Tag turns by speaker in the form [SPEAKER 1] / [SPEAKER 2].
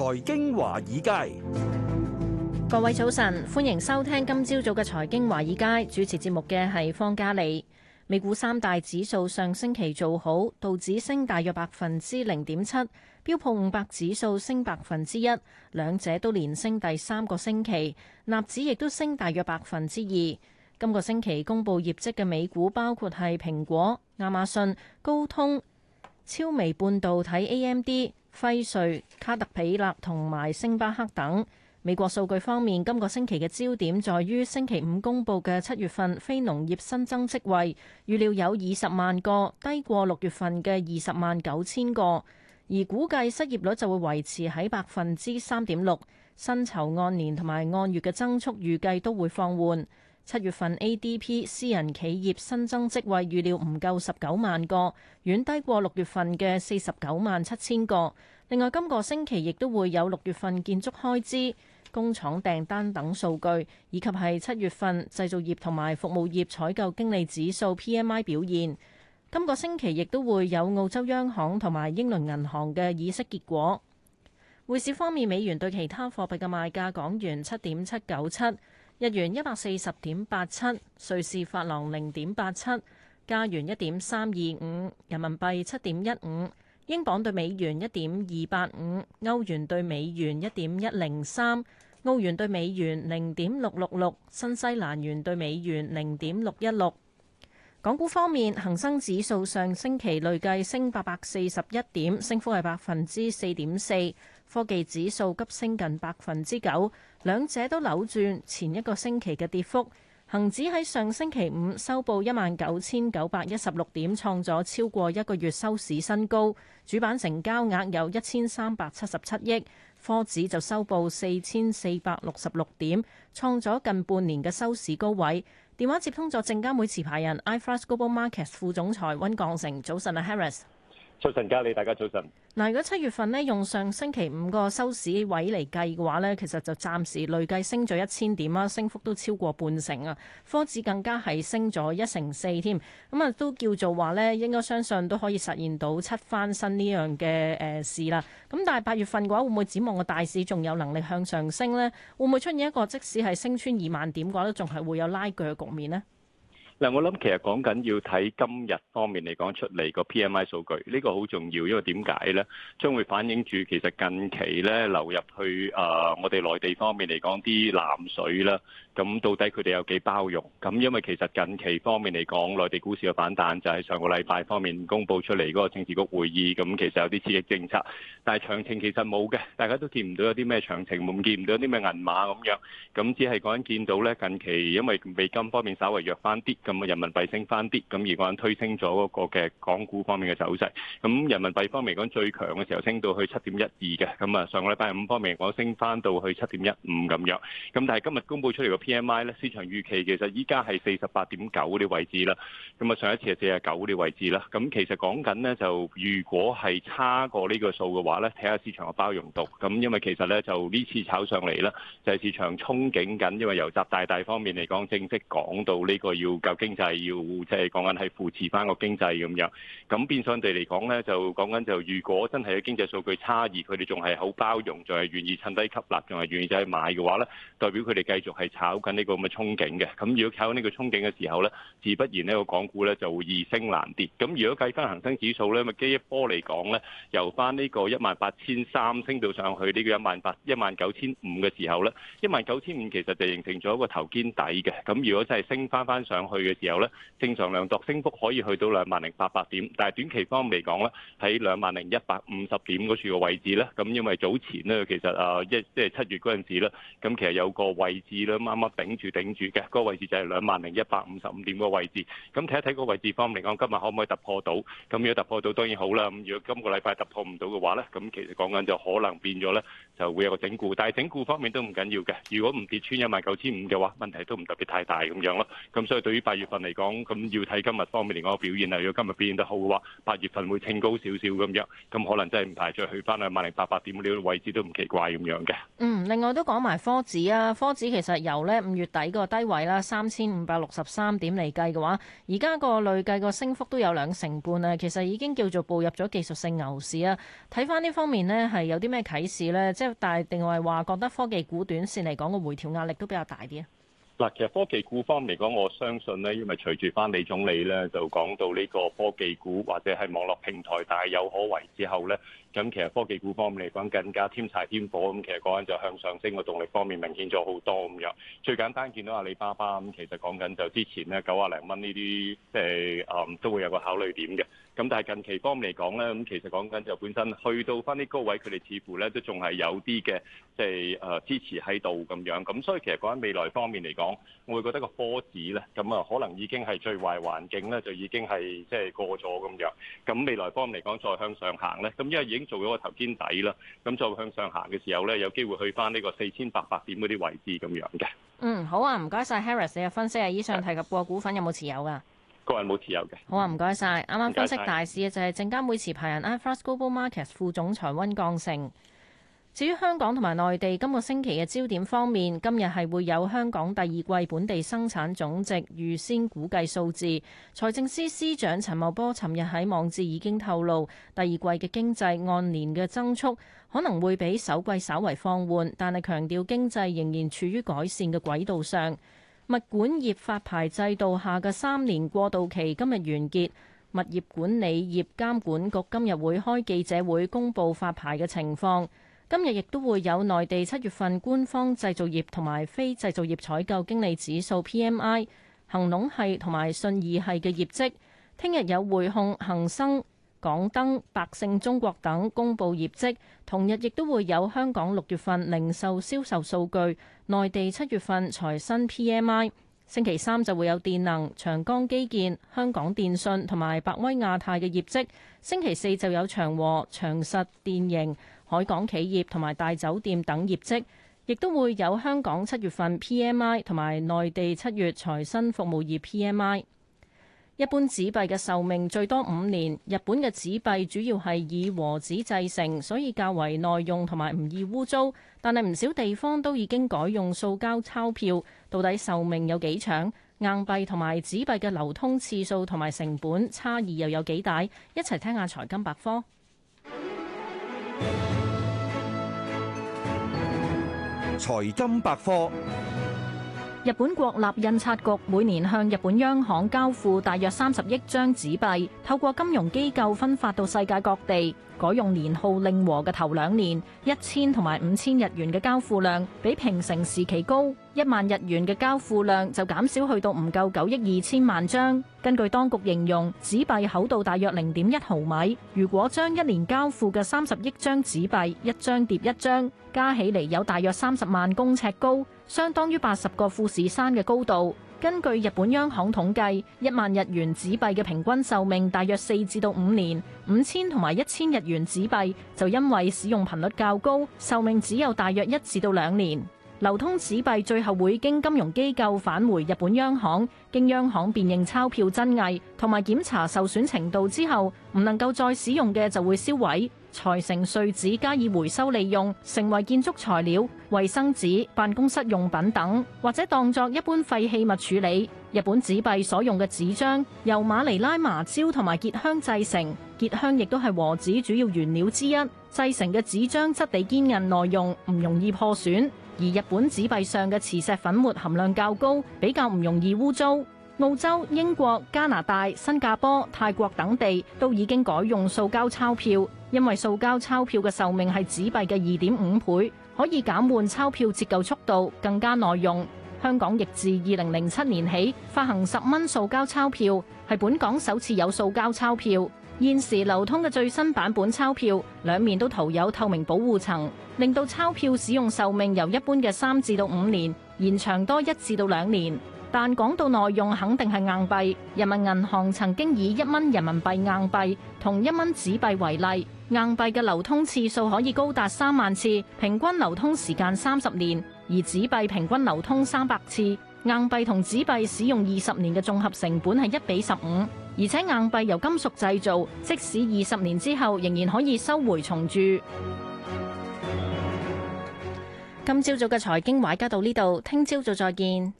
[SPEAKER 1] 財經華爾
[SPEAKER 2] 街，各位早晨，歡迎收聽今朝早嘅財經華爾街。主持節目嘅係方嘉利。美股三大指數上星期做好，道指升大約百分之零點七，標普五百指數升百分之一，兩者都連升第三個星期，納指亦都升大約百分之二。今個星期公布業績嘅美股包括係蘋果、亞馬遜、高通、超微半導體 （AMD）。輝瑞、卡特彼勒同埋星巴克等。美國數據方面，今個星期嘅焦點在於星期五公布嘅七月份非農業新增職位，預料有二十萬個，低過六月份嘅二十萬九千個，而估計失業率就會維持喺百分之三點六，薪酬按年同埋按月嘅增速預計都會放緩。七月份 ADP 私人企業新增職位預料唔夠十九萬個，遠低過六月份嘅四十九萬七千個。另外，今個星期亦都會有六月份建築開支、工廠訂單等數據，以及係七月份製造業同埋服務業採購經理指數 PMI 表現。今個星期亦都會有澳洲央行同埋英倫銀行嘅議息結果。匯市方面，美元對其他貨幣嘅賣價港元七點七九七。日元一百四十點八七，瑞士法郎零點八七，加元一點三二五，人民幣七點一五，英鎊對美元一點二八五，歐元對美元一點一零三，澳元對美元零點六六六，新西蘭元對美元零點六一六。港股方面，恒生指數上星期累計升八百四十一點，升幅係百分之四點四。科技指數急升近百分之九。兩者都扭轉前一個星期嘅跌幅，恒指喺上星期五收報一萬九千九百一十六點，創咗超過一個月收市新高。主板成交額有一千三百七十七億，科指就收報四千四百六十六點，創咗近半年嘅收市高位。電話接通咗證監會持牌人 iFAST Global Markets 副總裁温鋼成，早晨啊，Harris。
[SPEAKER 1] 早晨，嘉莉，大家早晨。
[SPEAKER 2] 嗱，如果七月份咧，用上星期五個收市位嚟計嘅話呢，其實就暫時累計升咗一千點啦，升幅都超過半成啊。科指更加係升咗一成四添。咁啊，都叫做話呢應該相信都可以實現到七翻身呢樣嘅誒事啦。咁但係八月份嘅話，會唔會指望個大市仲有能力向上升呢？會唔會出現一個即使係升穿二萬點嘅話咧，仲係會有拉鋸嘅局面呢？
[SPEAKER 1] 嗱，我諗其實講緊要睇今日方面嚟講出嚟個 PMI 數據，呢個好重要，因為點解呢？將會反映住其實近期咧流入去啊、呃，我哋內地方面嚟講啲南水啦，咁到底佢哋有幾包容？咁因為其實近期方面嚟講，內地股市嘅反彈就喺上個禮拜方面公布出嚟嗰個政治局會議，咁其實有啲刺激政策，但係詳情其實冇嘅，大家都見唔到有啲咩詳情，唔見唔到有啲咩銀碼咁樣，咁只係講緊見到呢近期因為美金方面稍微弱翻啲。咁啊，人民幣升翻啲，咁而家推升咗嗰個嘅港股方面嘅走勢。咁人民幣方面嚟講，最強嘅時候升到去七點一二嘅，咁啊上個禮拜五方面嚟講，升翻到去七點一五咁樣。咁但係今日公佈出嚟嘅 P M I 呢，市場預期其實依家係四十八點九啲位置啦。咁啊上一次係四十九啲位置啦。咁其實講緊呢，就如果係差過呢個數嘅話呢，睇下市場嘅包容度。咁因為其實呢，就呢次炒上嚟啦，就係、是、市場憧憬緊，因為由習大大方面嚟講，正式講到呢個要夠。經濟要即係講緊係扶持翻個經濟咁樣，咁變相地嚟講呢，就講緊就如果真係嘅經濟數據差異，佢哋仲係好包容，仲係願意趁低吸納，仲係願意就去買嘅話呢，代表佢哋繼續係炒緊呢個咁嘅憧憬嘅。咁如果炒緊呢個憧憬嘅時候呢，自不然呢個港股呢就易升難跌。咁如果計翻恒生指數呢，咪基一波嚟講呢，由翻呢個一萬八千三升到上去呢個一萬八一萬九千五嘅時候呢，一萬九千五其實就形成咗一個頭肩底嘅。咁如果真係升翻翻上去，嘅時候咧，正常量度升幅可以去到兩萬零八百點，但係短期方面嚟講咧，喺兩萬零一百五十點嗰處嘅位置咧，咁因為早前咧其實啊一即係七月嗰陣時咧，咁其實有個位置咧，啱啱頂住頂住嘅，嗰個位置就係兩萬零一百五十五點嘅位置。咁睇一睇個位置方面嚟講，今日可唔可以突破到？咁如果突破到當然好啦。咁如果今個禮拜突破唔到嘅話咧，咁其實講緊就可能變咗咧，就會有個整固。但係整固方面都唔緊要嘅，如果唔跌穿一萬九千五嘅話，問題都唔特別太大咁樣咯。咁所以對於百八月份嚟講，咁要睇今日方面嚟講嘅表現啊。如果今日表現得好嘅話，八月份會升高少少咁樣，咁可能真係唔排除去翻去兩萬零八百點呢個位置都唔奇怪咁樣嘅。
[SPEAKER 2] 嗯，另外都講埋科指啊，科指其實由咧五月底個低位啦，三千五百六十三點嚟計嘅話，而家個累計個升幅都有兩成半啊。其實已經叫做步入咗技術性牛市啊。睇翻呢方面呢，係有啲咩啟示咧？即係但係定係話覺得科技股短線嚟講個回調壓力都比較大啲啊？
[SPEAKER 1] 嗱，其實科技股方面嚟講，我相信咧，因為隨住翻李總理咧就講到呢個科技股或者係網絡平台大有可為之後咧，咁其實科技股方面嚟講更加添柴添火咁，其實講緊就向上升嘅動力方面明顯咗好多咁樣。最簡單見到阿里巴巴咁，其實講緊就之前咧九啊零蚊呢啲，即係誒都會有個考慮點嘅。咁但係近期方面嚟講咧，咁其實講緊就本身去到翻啲高位，佢哋似乎咧都仲係有啲嘅，即係誒支持喺度咁樣。咁所以其實講緊未來方面嚟講，我會覺得個科指咧，咁啊可能已經係最壞環境咧，就已經係即係過咗咁樣。咁未來方面嚟講，再向上行咧，咁因為已經做咗個頭肩底啦，咁再向上行嘅時候咧，有機會去翻呢個四千八百點嗰啲位置咁樣嘅。樣
[SPEAKER 2] 樣樣嗯，好啊，唔該晒。Harris 你嘅分析啊，以上提及過股份有冇持有㗎？
[SPEAKER 1] 個人冇自由
[SPEAKER 2] 嘅。好啊，唔該晒。啱啱分析大市嘅謝就係證監會持牌人 iFAST Global Markets 副總裁温鋼城。至於香港同埋內地今個星期嘅焦點方面，今日係會有香港第二季本地生產總值預先估計數字。財政司司長陳茂波尋日喺網誌已經透露，第二季嘅經濟按年嘅增速可能會比首季稍微放緩，但係強調經濟仍然處於改善嘅軌道上。物管業發牌制度下嘅三年過渡期今日完結，物業管理業監管局今日會開記者會公佈發牌嘅情況。今日亦都會有內地七月份官方製造業同埋非製造業採購經理指數 PMI、恒隆系同埋信義系嘅業績。聽日有匯控、恒生。港燈、百勝中國等公布業績，同日亦都會有香港六月份零售銷售數據、內地七月份財新 PMI。星期三就會有電能、長江基建、香港電訊同埋百威亞太嘅業績。星期四就有長和、長實電營、海港企業同埋大酒店等業績，亦都會有香港七月份 PMI 同埋內地七月財新服務業 PMI。一般紙幣嘅壽命最多五年。日本嘅紙幣主要係以和紙製成，所以較為耐用同埋唔易污糟。但係唔少地方都已經改用塑膠鈔票。到底壽命有幾長？硬幣同埋紙幣嘅流通次數同埋成本差異又有幾大？一齊聽下財金百科。
[SPEAKER 1] 財金百科。
[SPEAKER 2] 日本國立印刷局每年向日本央行交付大約三十億張紙幣，透過金融機構分發到世界各地。改用年號令和嘅頭兩年，一千同埋五千日元嘅交付量比平成時期高。一萬日元嘅交付量就減少去到唔夠九億二千萬張。根據當局形容，紙幣厚度大約零點一毫米。如果將一年交付嘅三十億張紙幣一張疊一張，加起嚟有大約三十萬公尺高，相當於八十個富士山嘅高度。根據日本央行統計，一萬日元紙幣嘅平均壽命大約四至到五年。五千同埋一千日元紙幣就因為使用頻率較高，壽命只有大約一至到兩年。流通紙幣最後會經金融機構返回日本央行，經央行辨認鈔票真偽同埋檢查受損程度之後，唔能夠再使用嘅就會銷毀，裁成碎紙加以回收利用，成為建築材料、衛生紙、辦公室用品等，或者當作一般廢棄物處理。日本紙幣所用嘅紙張由馬尼拉麻椒同埋結香製成，結香亦都係和紙主要原料之一，製成嘅紙張質地堅韌耐用，唔容易破損。而日本紙幣上嘅磁石粉末含量較高，比較唔容易污糟。澳洲、英國、加拿大、新加坡、泰國等地都已經改用塑膠鈔票，因為塑膠鈔票嘅壽命係紙幣嘅二點五倍，可以減緩鈔票折舊速度，更加耐用。香港亦自二零零七年起發行十蚊塑膠鈔票，係本港首次有塑膠鈔票。現時流通嘅最新版本鈔票，兩面都塗有透明保護層，令到鈔票使用壽命由一般嘅三至到五年，延長多一至到兩年。但講到耐用，肯定係硬幣。人民銀行曾經以一蚊人民幣硬幣同一蚊紙幣為例，硬幣嘅流通次數可以高達三萬次，平均流通時間三十年；而紙幣平均流通三百次，硬幣同紙幣使用二十年嘅綜合成本係一比十五。而且硬幣由金屬製造，即使二十年之後仍然可以收回重鑄。 今朝早嘅財經話家到呢度，聽朝早再見。